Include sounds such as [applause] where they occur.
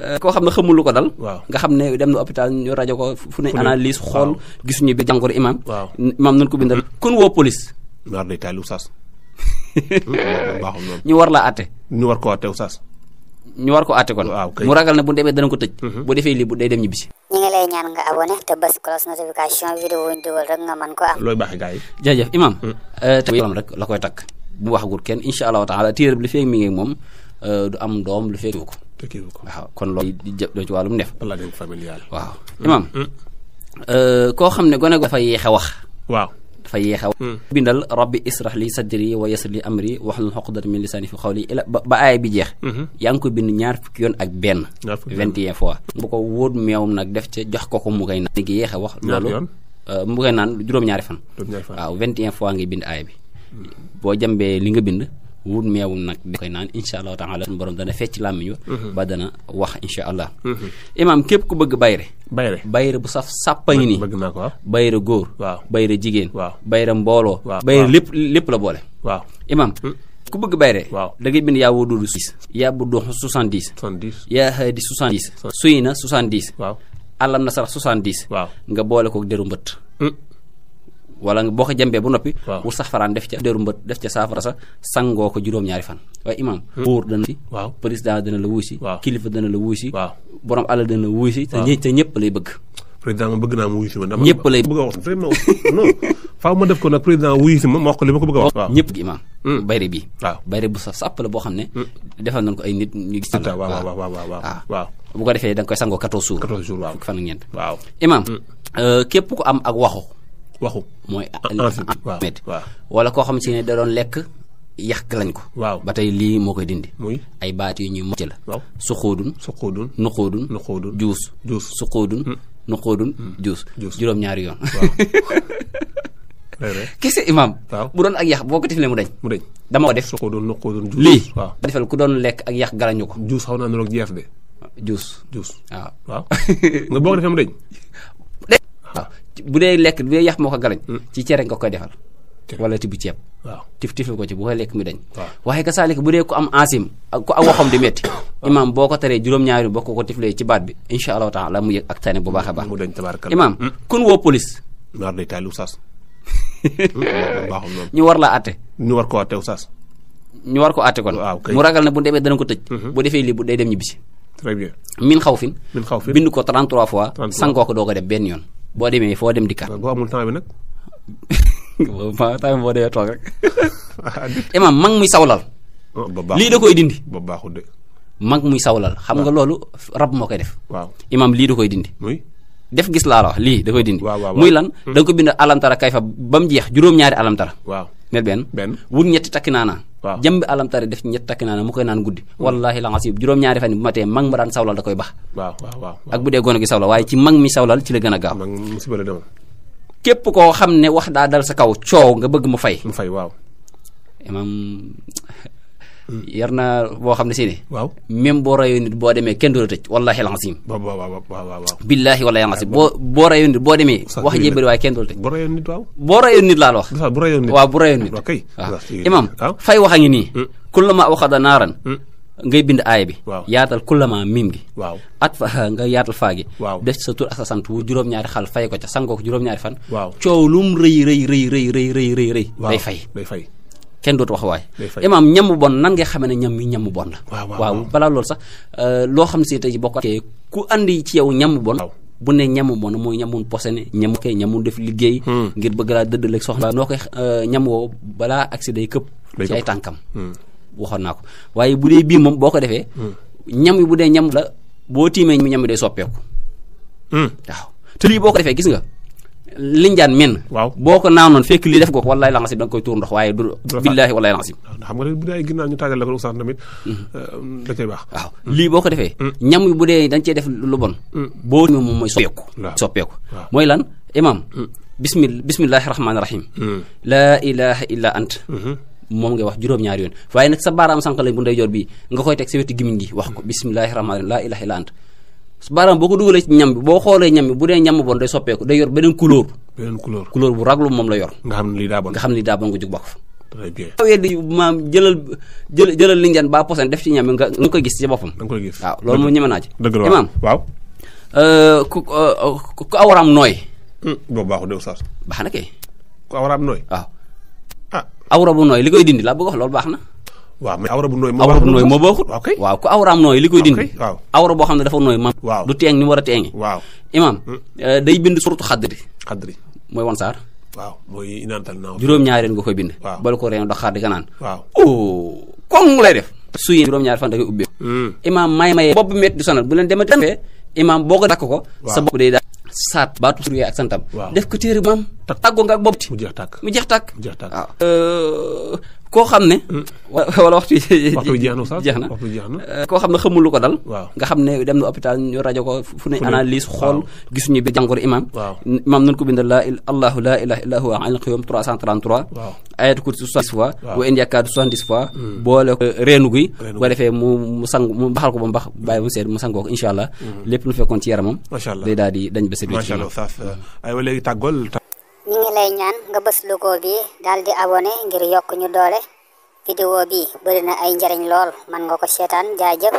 Euh, koo xam ne xamul lu ko dal nga xam ne dem na hôpital ñu rajo ko fu ne analyse xool gisuñu bi jàngoro imam imam nañ ko bindal kon woo police war day taali oustaz ñu war laa [laughs] atte ñu war ko atte oustaz war ko atte kon mu ragal ne bu demee dana ko tëj mhm. bu defee lii bu day dem ñibbisi ñu ngi lay ñaan nga abonné te bës cloche notification vidéo ñu dugal rek nga mën ko am looy imam mhm. euh, te rek la koy takk bu waxagul kenn incha allahu taala téere bi li feeg mi ngi moom Euh, du am doom lu fekkiwu ko waaw kon loolu jëm ci wàllum ndef planning familial waaw imaam mm. euh, koo xam ne gone go dafa yéex a wax waaw dafa yéex a wax mm. bindal rabbi israh li sadri wa yassir li amri wahlul uqdatan min lisani fi qawli ila ba bi jeex mm-hmm. yaa ngi ko bind ñaar fukki yoon ak benn vingt et bu ko wóot meewum nag def ca jox ko ko mu koy naan a wax euh, mu koy naan juróom-ñaari fan waaw vingt et ngay bind aaya bi boo jambee li nga bind wut meewum nag di koy naan incha allahu taala suñu borom dana fecc làmmiñ wa mhm. ba dana wax incha allah mhm. imaam képp ku bëgg bayre bayre bayre bu saf sàppa ngi nii bayre góor waaw bayre jigéen bayre mbooloo bayre lépp lépp la boole waaw imaam hmm. ku bëgg bayre waaw da ngay bind yaa woo duudu six yaa bu di soixante-dix yaa xëydi soixante-dix suy na soixante-dix waaw àllam soixante-dix nga boole ko déru mbët hmm. wala boo ko jambee bu nopi wu safaran def ci deru mbeut def ci safara sa sango ko juróom-ñaari fan way imam hmm. bour dana ci waaw président dana la wusi kilifa dana la wusi si borom alal dana wusi wuy si te ñepp lay bëgg président bëgg na mu wusi ma dama ñepp lay bëgg wax vraiment [laughs] non faaw ma def ko nag président wusi ma ma ko li ma ko bëgg wax ñepp gi imam hmm. bayre bi bayre bu saf sap la bo xamne hmm. defal nañ ko ay nit ñu gis waaw waaw waaw waaw waaw ah. waaw bu ko defee da nga koy sango 14 jours 14 jours waaw fan ak ñeent waaw imam euh, képp ko am ak waxo waxu mooy ah, ah, Ahmed ah, wala koo xam si ne da doon lekk yàq lañ ko waaw ba tey lii moo koy dindi muy ay baat yu ñuy mocc la waaw suxoodun suxoodun nuxoodun nuxoodun mm. mm. juus juus juróom-ñaari yoon [laughs] kese imaam bu doon ak yàq boo ko defalee mu dañ mu dañ dama ko def suxoodun nuxoodun lii waaw defal ku doon lekk ak yax galañu ko juus xaw naa niroog jeef de juus juus waaw waaw [laughs] boo ko defee mu dañ bu dee lekk bu dee yàq moo ko galañ hmm. ci cere nga koy defal wala tibu ceeb tif tif ko ci bu koy lekk mi dañ waaye ka bu dee ku am asim ku ak waxam di metti [coughs] imam boo ko taree juróom-ñaari bokk ko tiflee ci baat bi insha allahu taala mu yëg ak tane bu baax baax imam hmm. kun woo police war day taal sas [laughs] hmm, Nyuar ñu war la atte ñu war ko atte sas ñu war ko atte kon mu ragal na bu demee dana ko tëj bu defee lii bu day dem très bien min xawfin min xawfin bind ko 33 fois sangoo ko doo ko dem benn yoon boo demee foo dem dikkaat. boo amul bi nag. waaw [laughs] temps bi boo demee toog rek. imaam [laughs] mag muy sawlal. Oh, lii da koy dindi. ba baaxul de. mag muy sawlal xam nga loolu rab moo koy def. waaw imaam lii da koy dindi. def gis laa la wax lii da koy dindi. muy lan mm. da ko bind alamtara kayfa ba mu jeex juróom-ñaari alamtara. waaw ne benn benn wut ñetti takki naana waaw jëm bi alamtari def ñetti takki naana mu koy naan guddi wallahi la ngasib juróom-ñaari fan bu matee mag ma daan sawlal da koy bax waaw waaw ak bu dee gone gi sawlal waaye ci mag mi sawlal ci la gën a gaaw képp koo xam ne wax daa dal sa kaw coow nga bëgg mu fay mu fay waaw imam Hmm. yar naa boo xam ne si ne. waaw même boo rayoon nit boo demee kenn du la tëj wallahi alazim. waaw waaw waaw waaw. billahi wallahi alazim boo boo rayoon nit boo demee. wax jee bëri waaye kenn du la tëj. boo rayoon nit waaw. boo rayoon nit laa la wax. waaw bu rayoon nit waaw bu rayoon nit. ok waaw ah. imam fay wax a ngi nii. Hmm. kullama waxada naaran. Hmm. ngay bind aaya bi wow. yaatal kullama mim gi waaw at fa [laughs] nga yaatal faa gi wow. def sa tur ak sa sant wu juróom-ñaari xal fay ko ca sangoo ko juróom-ñaari fan waaw coow lum rëy rëy rëy rëy rëy rëy rëy rëy day fay day fay kenn dootu wax waay imaam ñam bu bon nan ngay xamee ne ñam yi ñam bu bon la waaw balaa loolu sax euh, loo xam si tey bokk ku andi ci yow ñam bu bon bu ne ñam bon mooy ñamun posene ñam koy ñamun def liggéey hmm. ngir bëgg laa dëddal ak soxna noo koy euh, ñam woo balaa agsi day këpp ay tànkam hmm. waxoon naa ko waaye bu dee bii moom boo ko defee hmm. ñam yi bu dee ñam la boo tiimee ñam yi day soppeeku waaw te lii boo ko defee gis nga linjan men waaw boo ko fekk li def ko wallahi langasib da nga koy tour ndox waye du billahi wallaay langasib xam nga bu day ginnaaw ñu tagal la ko oustad tamit mm-hmm. da cey bax waaw lii boo ko mm. ñam bu dé dañ cee def lu bon mm. ñu mom moy soppeku soppeku moy lan imam mm. bismillah bismillahi rahim la ilaha illa ant mom mm-hmm. ngay wax juróom ñaar yoon waye nak sa baram sànq lañ bu ndey jor bi nga koy tek ci wetu gimin gi wax ko bismillahi la ilaha illa ant baaraam boo ko dugalee ci ñam bi boo xoolee ñam bi bu dee ñam bon day soppeeku day yor beneen couleur. beneen couleur couleur bu moom la yor. nga xam ne lii daa bon nga daa bon nga jug bokk fa. très jëlal jël jëlal linjan ba posen def ci ñam nga nga koy gis ci boppam. da nga koy gis waaw loolu moom euh, ku euh, ku awraam nooy. Hmm, boo baaxul de oustaz. baax na kay. ku awraam nooy. waaw ah. nooy li koy dindi laa bëgg wax loolu baax na. waaw mais bu nooy moo awra boo xam ne dafa nooy man waaw du teeng ni a teenge waaw imaam hmm. euh, day bind surtout xaddri xaddri mooy wan saar waaw mooy inaantal naaw juróom-ñaari nga koy ko reen dox xaar di ka naan waaw o oh, koŋ lay def su yéen juróom-ñaari fan da koy hmm. may maye bopp métti di sonal bu leen demee imaam boo ko dakk ko sa bopp day daal saat baatu tur ak santam def ko téere bu maam tàggoo nga ak bopp mu jeex tàkk mu jeex tàkk waaw euh, koo xam ne hmm. [laughs] wala waxtu jeex na eh, koo xam ne xamul ko dal nga xam ne dem na hôpital ñu rajo ko fu ne analyse xool gisuñu bi jàngoro imam imam nañu ko bindal la allahu la ilaha illa huwa al qayyum 333 ayatu kursi 70 fois wa in yakadu 70 fois hmm. boole ko eh, reenu gi boo defee mu mu mu mbaxal ko ba mbax bàyyi mu seet mu sangoo ko insha allah hmm. lépp lu fekkoon ci yaramam day daal di dañ bés bi masha allah hmm. ay wa ngi lay ñaan nga bés vidéo bi bëri na ay njariñ lool man nga ko seetaan jaajëf